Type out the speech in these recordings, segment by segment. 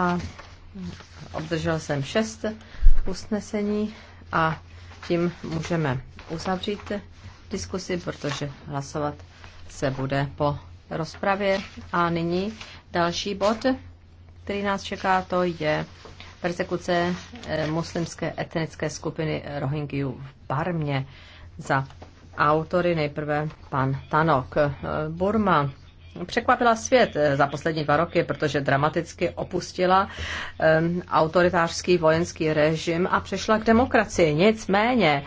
a obdržel jsem šest usnesení a tím můžeme uzavřít diskusi, protože hlasovat se bude po rozpravě. A nyní další bod, který nás čeká, to je persekuce eh, muslimské etnické skupiny Rohingyů v Barmě za autory nejprve pan Tanok. Eh, Burma, překvapila svět eh, za poslední dva roky, protože dramaticky opustila ehm, autoritářský vojenský režim a přešla k demokracii. Nicméně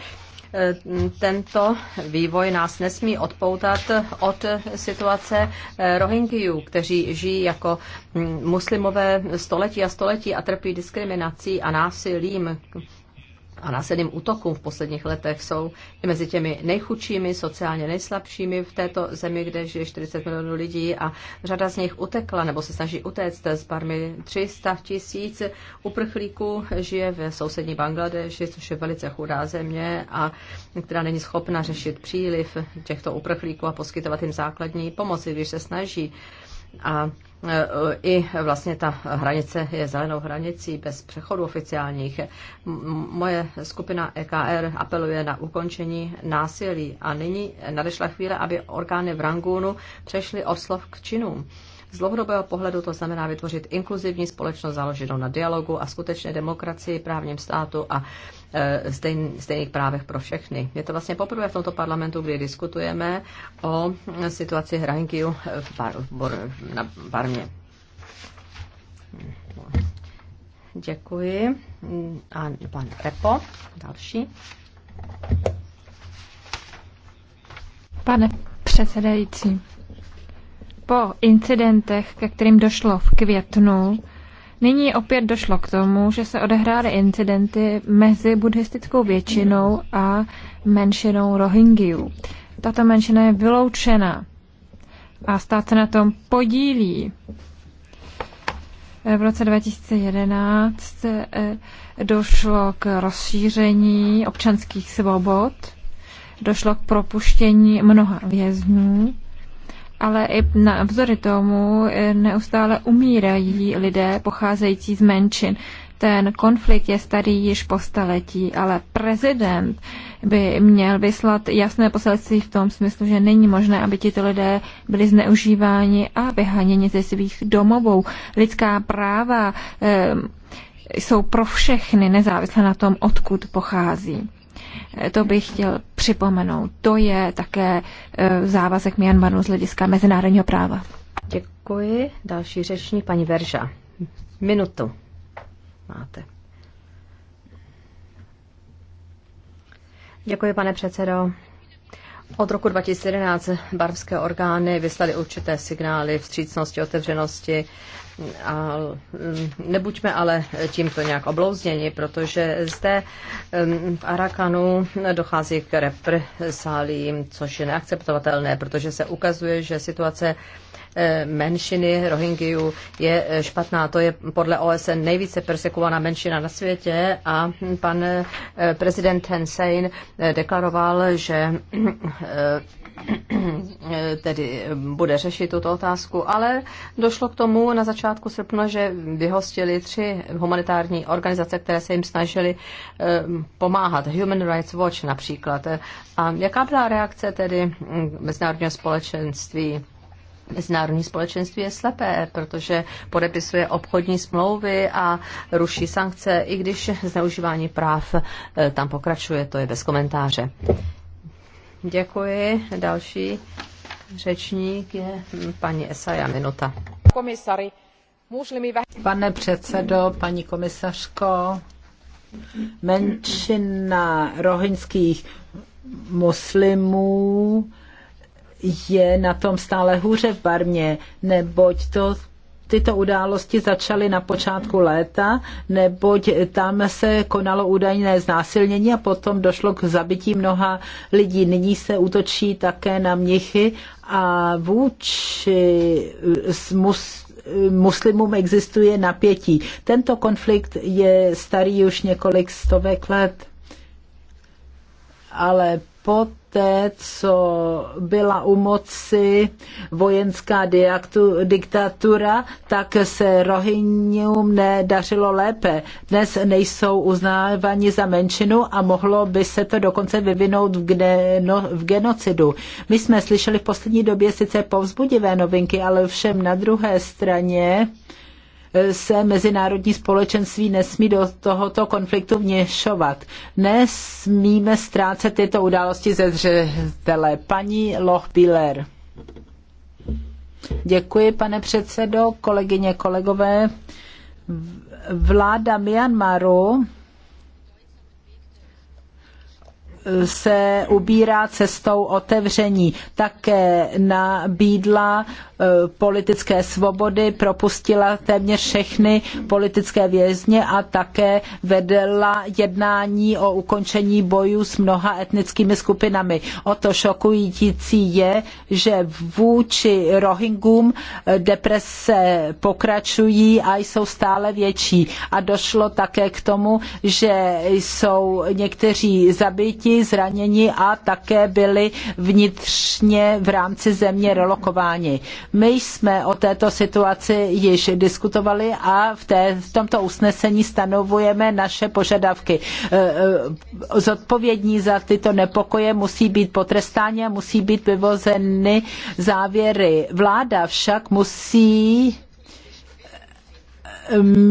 ehm, tento vývoj nás nesmí odpoutat od situace eh, Rohingyů, kteří žijí jako mm, muslimové století a století a trpí diskriminací a násilím, a následným útokům v posledních letech jsou i mezi těmi nejchudšími, sociálně nejslabšími v této zemi, kde žije 40 milionů lidí a řada z nich utekla nebo se snaží utéct z Barmy. 300 tisíc uprchlíků žije v sousední Bangladeši, což je velice chudá země a která není schopna řešit příliv těchto uprchlíků a poskytovat jim základní pomoci, když se snaží. A E, i vlastně ta hranice je zelenou hranicí bez přechodu oficiálních. Moje skupina EKR apeluje na ukončení násilí a nyní nadešla chvíle, aby orgány v Rangunu přešly od slov k činům. Z dlouhodobého pohledu to znamená vytvořit inkluzivní společnost založenou na dialogu a skutečné demokracii, právním státu a Eh, stejn, stejných právech pro všechny. Je to vlastně poprvé v tomto parlamentu, kdy diskutujeme o situaci hranky v bar, bor, na barmě. Děkuji. A pan Repo, další. Pane předsedající, po incidentech, ke kterým došlo v květnu, Nyní opět došlo k tomu, že se odehrály incidenty mezi buddhistickou většinou a menšinou Rohingyů. Tato menšina je vyloučena a stát se na tom podílí. V roce 2011 eh, došlo k rozšíření občanských svobod, došlo k propuštění mnoha vězňů ale i navzory tomu eh, neustále umírají lidé pocházející z menšin. Ten konflikt je starý již po staletí, ale prezident by měl vyslat jasné poselství v tom smyslu, že není možné, aby tito lidé byli zneužíváni a vyháněni ze svých domovů. Lidská práva eh, jsou pro všechny, nezávisle na tom, odkud pochází to bych chtěl připomenout. To je také e, závazek Myanmaru z hlediska mezinárodního práva. Děkuji. Další řečník, paní Verža. Minutu máte. Děkuji, pane předsedo. Od roku 2011 barvské orgány vyslaly určité signály vstřícnosti, otevřenosti a mm, nebuďme ale tímto nějak oblouzněni, protože zde mm, v Arakanu dochází k represálím, což je neakceptovatelné, protože se ukazuje, že situace e, menšiny Rohingyů je e, špatná. To je podle OSN nejvíce persekovaná menšina na světě a pan e, prezident Hensein deklaroval, že tedy bude řešit tuto otázku, ale došlo k tomu na začátku srpna, že vyhostili tři humanitární organizace, které se jim snažily eh, pomáhat. Human Rights Watch například. A jaká byla reakce tedy mm, mezinárodního společenství? Mezinárodní společenství je slepé, protože podepisuje obchodní smlouvy a ruší sankce, i když zneužívání práv eh, tam pokračuje, to je bez komentáře. Děkuji. Další řečník je paní Esa Minuta. Komisary, Pane předsedo, paní komisařko, menšina rohinských muslimů je na tom stále hůře v Barmě, neboť to tyto události začaly na počátku léta, neboť tam se konalo údajné znásilnění a potom došlo k zabití mnoha lidí. Nyní se útočí také na mnichy a vůči mus, muslimům existuje napětí. Tento konflikt je starý už několik stovek let, ale pod poté, co byla u moci vojenská diktatura, tak se Rohingyům nedařilo lépe. Dnes nejsou uznávani za menšinu a mohlo by se to dokonce vyvinout v, geno, v genocidu. My jsme slyšeli v poslední době sice povzbudivé novinky, ale všem na druhé straně se mezinárodní společenství nesmí do tohoto konfliktu vněšovat. Nesmíme ztrácet tyto události ze zřetele. Paní Lochbiller. Děkuji, pane předsedo, kolegyně, kolegové. Vláda Myanmaru se ubírá cestou otevření. Také nabídla Eh, politické svobody, propustila téměř všechny politické vězně a také vedla jednání o ukončení bojů s mnoha etnickými skupinami. O to šokující je, že vůči Rohingům eh, deprese pokračují a jsou stále větší. A došlo také k tomu, že jsou někteří zabiti, zraněni a také byli vnitřně v rámci země relokováni. My jsme o této situaci již diskutovali a v, té, v tomto usnesení stanovujeme naše požadavky. E, e, zodpovědní za tyto nepokoje musí být potrestáni a musí být vyvozeny závěry. Vláda však musí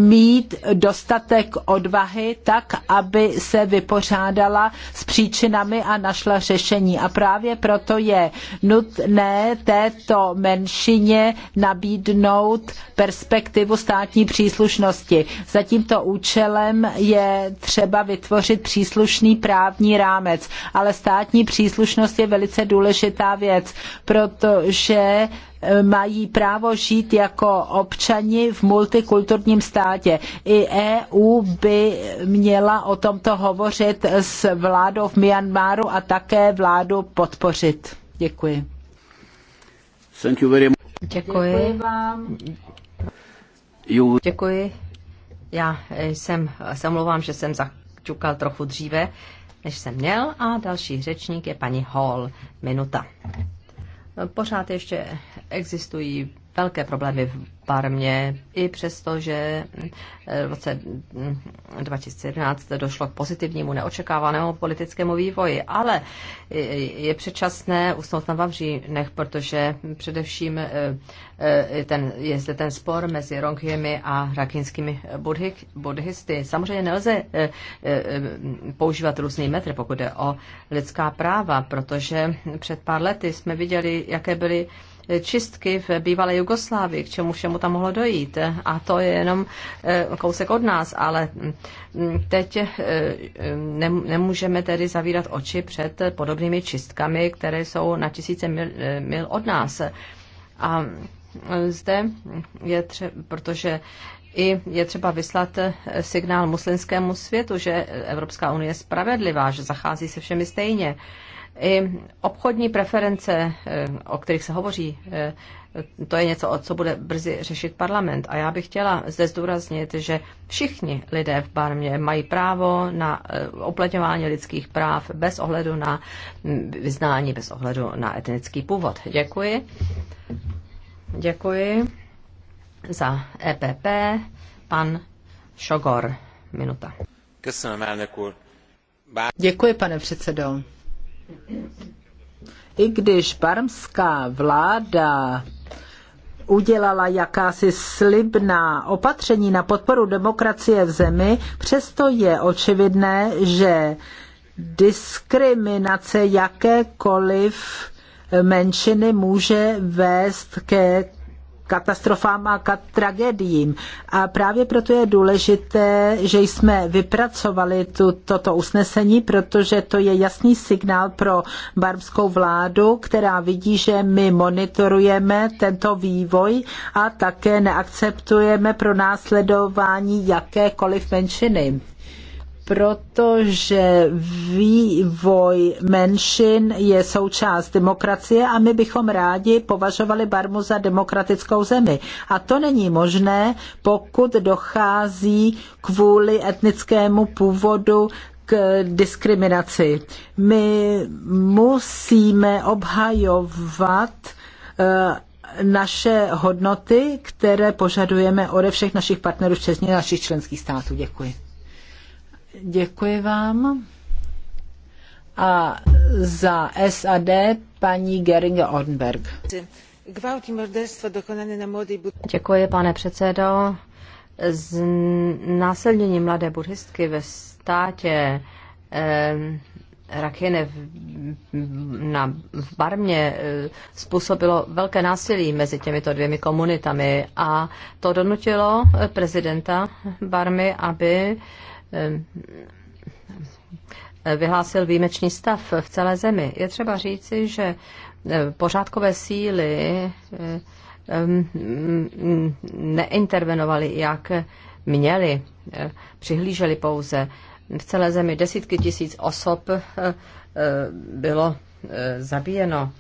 mít dostatek odvahy tak, aby se vypořádala s příčinami a našla řešení. A právě proto je nutné této menšině nabídnout perspektivu státní příslušnosti. Za tímto účelem je třeba vytvořit příslušný právní rámec, ale státní příslušnost je velice důležitá věc, protože mají právo žít jako občani v multikulturním státě. I EU by měla o tomto hovořit s vládou v Myanmaru a také vládu podpořit. Děkuji. Děkuji. Děkuji vám. Děkuji. Já eh, jsem, eh, se omlouvám, že jsem začukal trochu dříve, než jsem měl. A další řečník je paní Hall. Minuta pořád ještě existují velké problémy v Barmě, i přesto, že eh, v roce 2011 hm, došlo k pozitivnímu neočekávanému politickému vývoji, ale je předčasné usnout na Vavřínech, protože především eh, eh, ten, je zde ten spor mezi Rongyemi a rakinskými buddhisty. Samozřejmě nelze používat různý metr, pokud jde o lidská práva, protože před pár lety jsme viděli, jaké byly čistky v bývalé Jugoslávii, k čemu všemu tam mohlo dojít. A to je jenom eh, kousek od nás, ale mm, teď eh, nemůžeme tedy zavírat oči před podobnými čistkami, které jsou na tisíce mil, eh, mil od nás. A zde je třeba, protože i je třeba vyslat signál muslimskému světu, že Evropská unie je spravedlivá, že zachází se všemi stejně. I obchodní preference, eh, o kterých se hovoří, eh, to je něco, o co bude brzy řešit parlament. A já bych chtěla zde zdůraznit, že všichni lidé v Barmě mají právo na eh, uplatňování lidských práv bez ohledu na mm, vyznání, bez ohledu na etnický původ. Děkuji. Děkuji za EPP. Pan Šogor, minuta. Děkuji, pane předsedo. I když barmská vláda udělala jakási slibná opatření na podporu demokracie v zemi, přesto je očividné, že diskriminace jakékoliv menšiny může vést ke katastrofám a tragédiím. A právě proto je důležité, že jsme vypracovali tu, toto usnesení, protože to je jasný signál pro barmskou vládu, která vidí, že my monitorujeme tento vývoj a také neakceptujeme pro následování jakékoliv menšiny protože vývoj menšin je součást demokracie a my bychom rádi považovali Barmu za demokratickou zemi. A to není možné, pokud dochází kvůli etnickému původu k diskriminaci. My musíme obhajovat eh, naše hodnoty, které požadujeme ode všech našich partnerů, včetně našich členských států. Děkuji. Děkuji vám. A za SAD paní Geringe Odenberg. Děkuji, pane předsedo. Z násilnění mladé buddhistky ve státě eh, Rakine v, na, v Barmě eh, způsobilo velké násilí mezi těmito dvěmi komunitami a to donutilo prezidenta Barmy, aby eh, Ehm, vyhlásil výjimečný stav v celé zemi. Je třeba říci, že eh, pořádkové síly ehm, neintervenovaly, jak měli, eh, přihlíželi pouze. V celé zemi desítky tisíc osob eh, bylo zabíjeno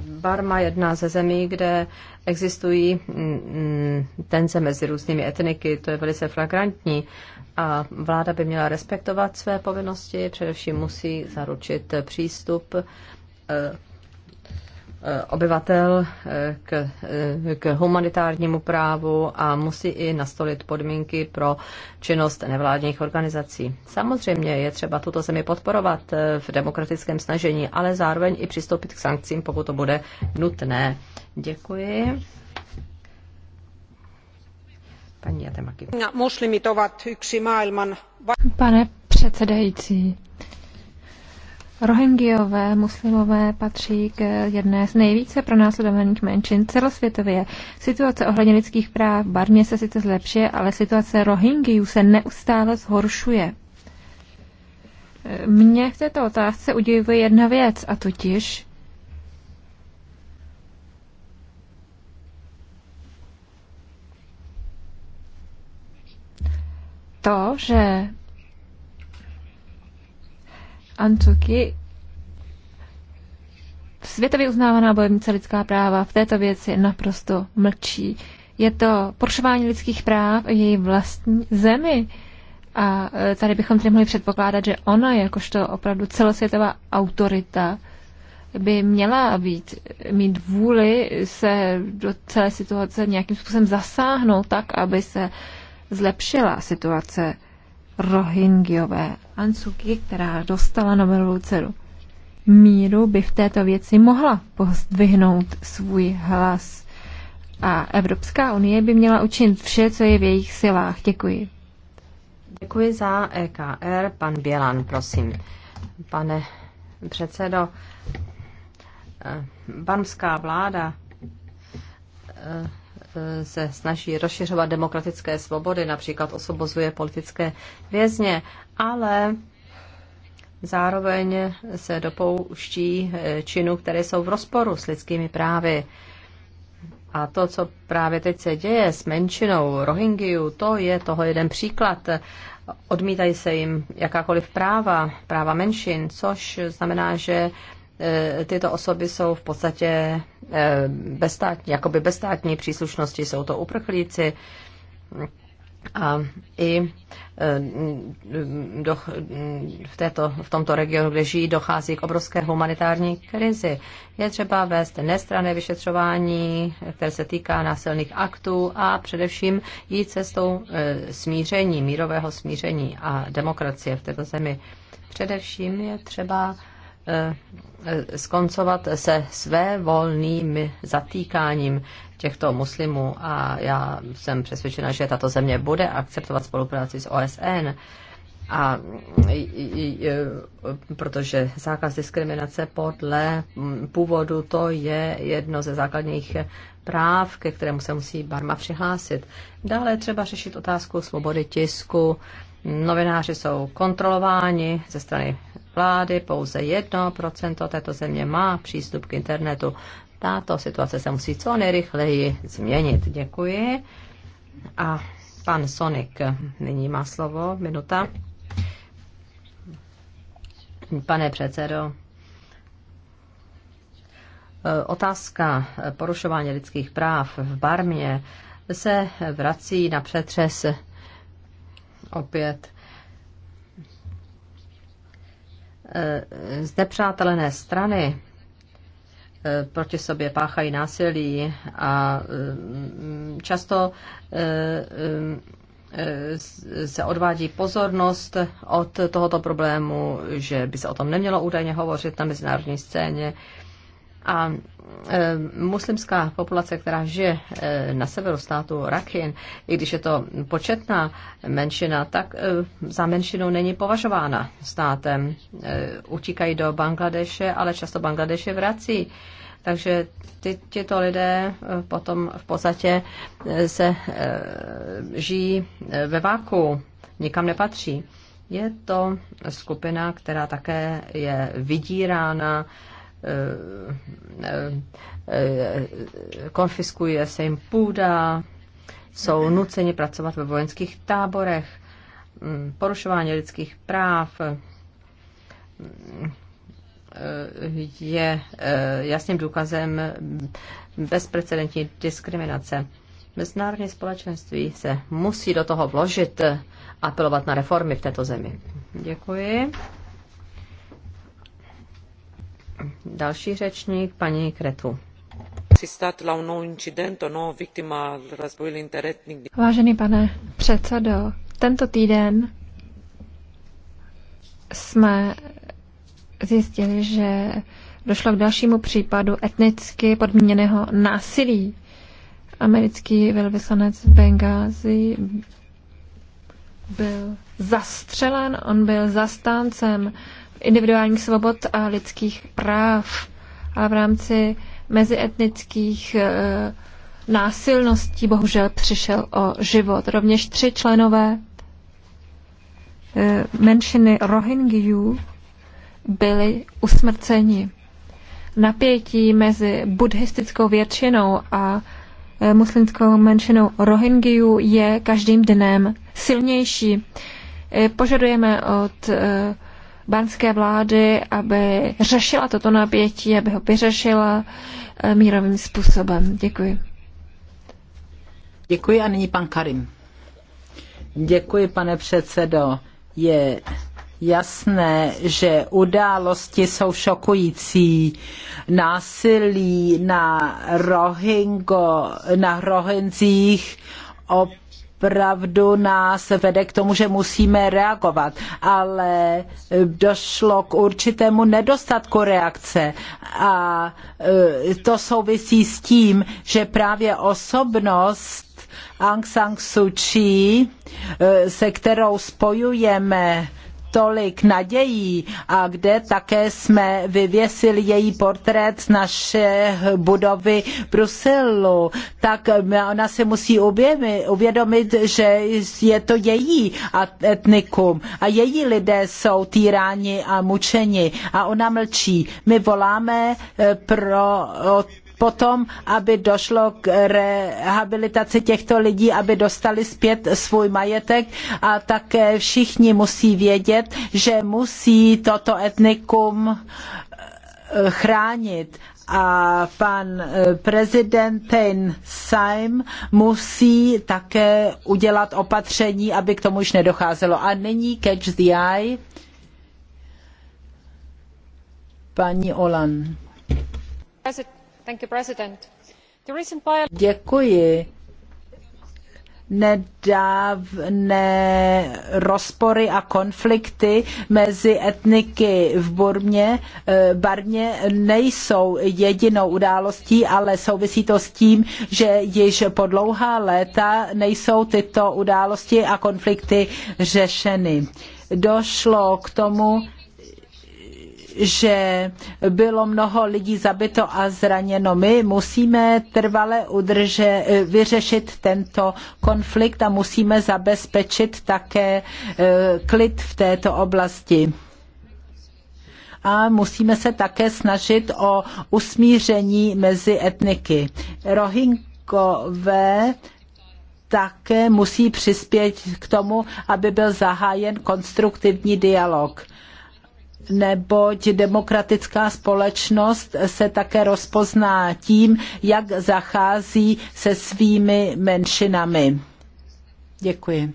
Barma je jedna ze zemí, kde existují mm, mm, tence mezi různými etniky, to je velice flagrantní a vláda by měla respektovat své povinnosti, především musí zaručit přístup eh, Eh, obyvatel eh, k, eh, k humanitárnímu právu a musí i nastolit podmínky pro činnost nevládních organizací. Samozřejmě je třeba tuto zemi podporovat v demokratickém snažení, ale zároveň i přistoupit k sankcím, pokud to bude nutné. Děkuji. Paní Jatemaky. Pane předsedající, Rohingyové muslimové patří k jedné z nejvíce pronásledovaných menšin celosvětově. Situace ohledně lidských práv v Barmě se sice zlepšuje, ale situace Rohingyů se neustále zhoršuje. Mně v této otázce udivuje jedna věc, a totiž, to, že Ancoky, světově uznávaná bojovnice lidská práva, v této věci naprosto mlčí. Je to porušování lidských práv v její vlastní zemi. A e, tady bychom tedy mohli předpokládat, že ona, jakožto opravdu celosvětová autorita, by měla být, mít vůli se do celé situace nějakým způsobem zasáhnout tak, aby se zlepšila situace Rohingyové. Ansuki, která dostala Nobelovu cenu míru, by v této věci mohla pozdvihnout svůj hlas. A Evropská unie by měla učinit vše, co je v jejich silách. Děkuji. Děkuji za EKR. Pan Bělan, prosím. Pane předsedo, eh, banská vláda eh, se snaží rozšiřovat demokratické svobody, například osobozuje politické vězně, ale zároveň se dopouští eh, činů, které jsou v rozporu s lidskými právy. A to, co právě teď se děje s menšinou Rohingyů, to je toho jeden příklad. Odmítají se jim jakákoliv práva, práva menšin, což znamená, že Eh, tyto osoby jsou v podstatě eh, bezstátní, jakoby bezstátní příslušnosti, jsou to uprchlíci, a i eh, do, v, této, v tomto regionu, kde žijí, dochází k obrovské humanitární krizi. Je třeba vést nestrané vyšetřování, které se týká násilných aktů a především jít cestou smíření, mírového smíření a demokracie v této zemi. Především je třeba Eh, skoncovat se své volným zatýkáním těchto muslimů a já jsem přesvědčena, že tato země bude akceptovat spolupráci s OSN a eh, protože zákaz diskriminace podle hm, původu to je jedno ze základních práv, ke kterému se musí Barma přihlásit. Dále třeba řešit otázku svobody tisku. Novináři jsou kontrolováni ze strany vlády, pouze 1% této země má přístup k internetu. Tato situace se musí co nejrychleji změnit. Děkuji. A pan Sonik nyní má slovo, minuta. Pane předsedo, otázka porušování lidských práv v Barmě se vrací na přetřes opět Eh, zde přátelené strany eh, proti sobě páchají násilí a mm, často eh, mm, se odvádí pozornost od tohoto problému, že by se o tom nemělo údajně hovořit na mezinárodní scéně a e, muslimská populace, která žije e, na severu státu Rakhin, i když je to početná menšina, tak e, za menšinu není považována státem. Utíkají do Bangladeše, ale často Bangladeše vrací. Takže ty, tyto lidé potom v podstatě se žijí ve váku, nikam nepatří. Je to skupina, která také je vydírána, konfiskuje se jim půda, jsou nuceni pracovat ve vojenských táborech, mm, porušování lidských práv mm, je eh, jasným důkazem bezprecedentní diskriminace. Mezinárodní společenství se musí do toho vložit a apelovat na reformy v této zemi. Děkuji. Další řečník, paní Kretu. Vážený pane předsedo, tento týden jsme zjistili, že došlo k dalšímu případu etnicky podmíněného násilí. Americký velvyslanec v Bengázi byl zastřelen, on byl zastáncem uh, individuálních svobod a lidských práv a v rámci mezietnických eh, násilností bohužel přišel o život. Rovněž tři členové eh, menšiny Rohingyů byli usmrceni. Napětí mezi buddhistickou většinou a eh, muslimskou menšinou Rohingyů je každým dnem silnější. Požadujeme od banské vlády, aby řešila toto napětí, aby ho vyřešila eh, mírovým způsobem. Děkuji. Děkuji a nyní pan Karim. Děkuji, pane předsedo. Je jasné, že události jsou šokující. Násilí na, Rohingo, na Rohinzích op opravdu nás vede k tomu, že musíme reagovat, ale došlo k určitému nedostatku reakce a e, to souvisí s tím, že právě osobnost Aung San Suu Kyi, e, se kterou spojujeme tolik nadějí a kde také jsme vyvěsili její portrét z naše budovy Bruselu, tak ona si musí uvědomit, že je to její etnikum a její lidé jsou týráni a mučeni a ona mlčí. My voláme eh, pro potom, aby došlo k rehabilitaci těchto lidí, aby dostali zpět svůj majetek a také všichni musí vědět, že musí toto etnikum eh, chránit a pan eh, prezident ten Saim musí také udělat opatření, aby k tomu už nedocházelo. A nyní catch the eye. Paní Olan. Děkuji. Nedávné rozpory a konflikty mezi etniky v Burmě, eh, Barmě nejsou jedinou událostí, ale souvisí to s tím, že již po dlouhá léta nejsou tyto události a konflikty řešeny. Došlo k tomu, že bylo mnoho lidí zabito a zraněno. My musíme trvale udrže, vyřešit tento konflikt a musíme zabezpečit také e, klid v této oblasti a musíme se také snažit o usmíření mezi etniky. Rohingové také musí přispět k tomu, aby byl zahájen konstruktivní dialog neboť demokratická společnost se také rozpozná tím, jak zachází se svými menšinami. Děkuji.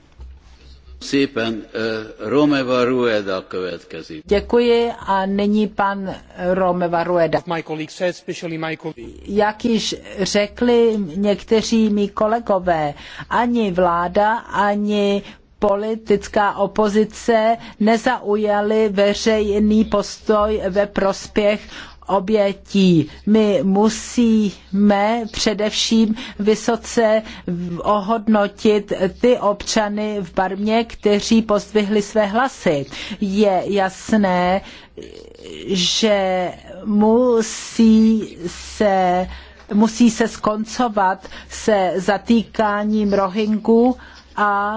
Eh, Děkuji a nyní pan eh, Romeva Rueda. Jak již řekli někteří mý kolegové, ani vláda, ani politická opozice nezaujaly veřejný postoj ve prospěch obětí. My musíme především vysoce ohodnotit ty občany v Barmě, kteří pozdvihli své hlasy. Je jasné, že musí se, musí se skoncovat se zatýkáním Rohingů a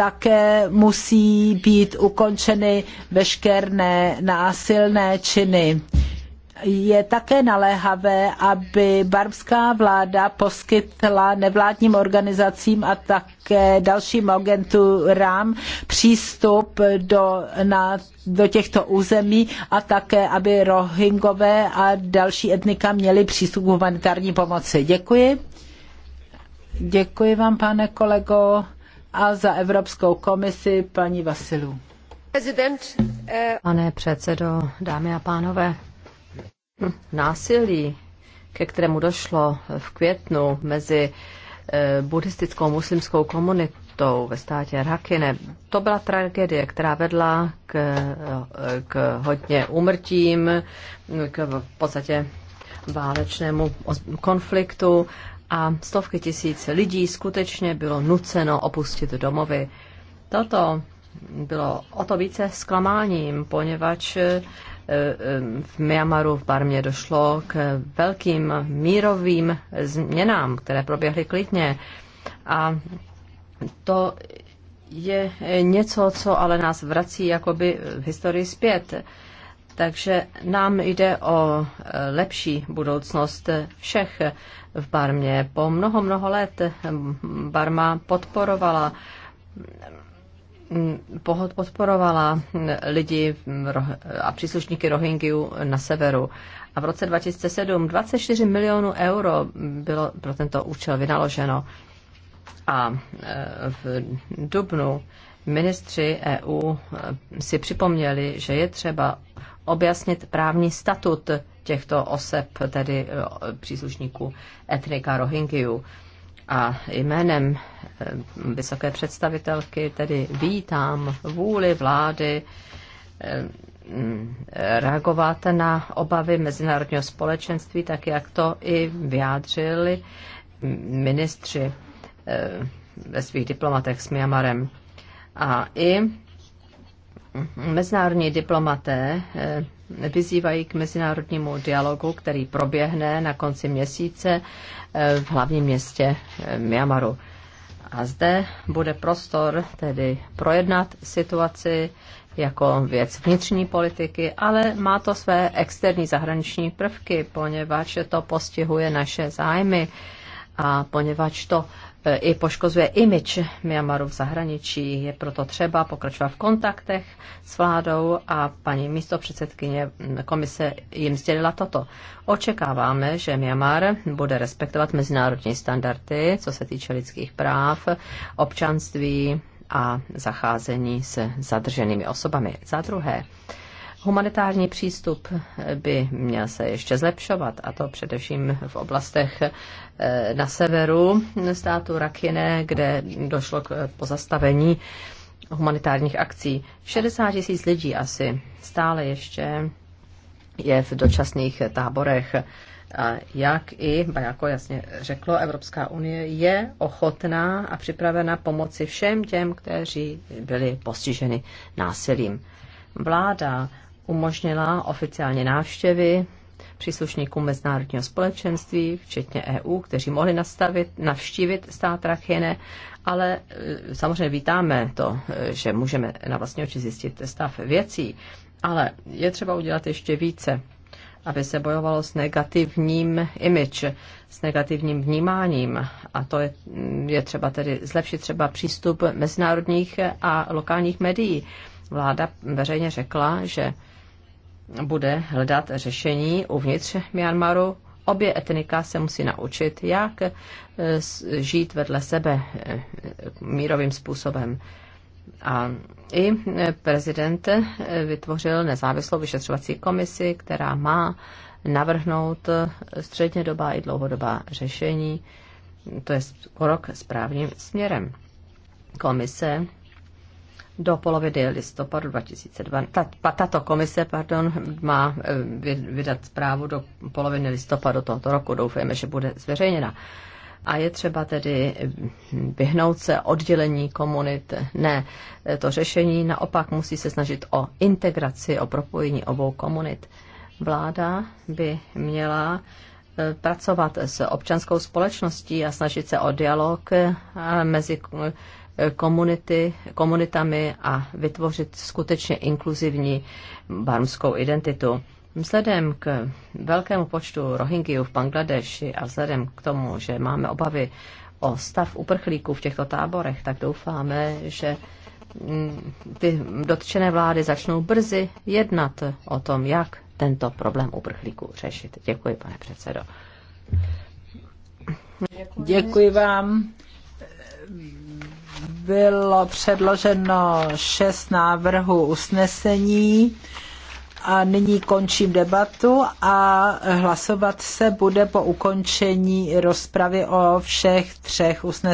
také musí být ukončeny veškeré násilné činy je také naléhavé, aby barmská vláda poskytla nevládním organizacím a také dalším agenturám přístup do, na, do těchto území a také, aby rohingové a další etnika měli přístup k humanitární pomoci. Děkuji. Děkuji vám, pane kolego a za Evropskou komisi paní Vasilu. Eh, Pane předsedo, dámy a pánové, hm, násilí, ke kterému došlo v květnu mezi eh, buddhistickou muslimskou komunitou ve státě Rakine, to byla tragédie, která vedla k, eh, k hodně úmrtím, k v podstatě válečnému konfliktu a stovky tisíc lidí skutečně bylo nuceno opustit domovy. Toto bylo o to více zklamáním, poněvadž eh, eh, v Myanmaru v Barmě došlo k velkým mírovým změnám, které proběhly klidně. A to je něco, co ale nás vrací jakoby v historii zpět. Takže nám jde o eh, lepší budoucnost všech v Barmě. Po mnoho, mnoho let eh, Barma podporovala mm, pohod podporovala mm, lidi a příslušníky Rohingyů na severu. A v roce 2007 24 milionů euro bylo pro tento účel vynaloženo. A eh, v dubnu ministři EU si připomněli, že je třeba objasnit právní statut těchto osob, tedy e, příslušníků etnika Rohingyů. A jménem e, vysoké představitelky tedy vítám vůli vlády e, reagovat na obavy mezinárodního společenství, tak jak to i vyjádřili ministři ve svých diplomatech s Myanmarem. A i mezinárodní diplomaté eh, vyzývají k mezinárodnímu dialogu, který proběhne na konci měsíce eh, v hlavním městě eh, Myanmaru. A zde bude prostor tedy projednat situaci jako věc vnitřní politiky, ale má to své externí zahraniční prvky, poněvadž to postihuje naše zájmy a poněvadž to Eh, i poškozuje imič Myanmaru v zahraničí. Je proto třeba pokračovat v kontaktech s vládou a paní místopředsedkyně komise jim sdělila toto. Očekáváme, že Myanmar bude respektovat mezinárodní standardy, co se týče lidských práv, občanství a zacházení se zadrženými osobami. Za druhé, Humanitární přístup by měl se ještě zlepšovat, a to především v oblastech eh, na severu státu Rakine, kde došlo k pozastavení humanitárních akcí. 60 tisíc lidí asi stále ještě je v dočasných táborech. A jak i jako jasně řeklo, Evropská unie je ochotná a připravena pomoci všem těm, kteří byli postiženi násilím. Vláda umožnila oficiálně návštěvy příslušníků mezinárodního společenství, včetně EU, kteří mohli nastavit, navštívit stát Rachine, ale e, samozřejmě vítáme to, e, že můžeme na vlastní oči zjistit stav věcí, ale je třeba udělat ještě více, aby se bojovalo s negativním image, s negativním vnímáním a to je, mm, je třeba tedy zlepšit třeba přístup mezinárodních a lokálních médií. Vláda veřejně řekla, že bude hledat řešení uvnitř Myanmaru. Obě etnika se musí naučit, jak eh, žít vedle sebe eh, mírovým způsobem. A i eh, prezident vytvořil nezávislou vyšetřovací komisi, která má navrhnout střednědobá i dlouhodobá řešení. To je krok správným směrem. Komise do poloviny listopadu 2012. tato komise pardon, má eh, vydat zprávu do poloviny listopadu tohoto roku. Doufejme, že bude zveřejněna. A je třeba tedy hm, vyhnout se oddělení komunit. Ne, eh, to řešení naopak musí se snažit o integraci, o propojení obou komunit. Vláda by měla eh, pracovat s občanskou společností a snažit se o dialog mezi komunity, komunitami a vytvořit skutečně inkluzivní barmskou identitu. Vzhledem k velkému počtu Rohingyů v Bangladeši a vzhledem k tomu, že máme obavy o stav uprchlíků v těchto táborech, tak doufáme, že mm, ty dotčené vlády začnou brzy jednat o tom, jak tento problém uprchlíků řešit. Děkuji, pane předsedo. Děkuji, Děkuji vám bylo předloženo šest návrhů usnesení a nyní končím debatu a hlasovat se bude po ukončení rozpravy o všech třech usneseních.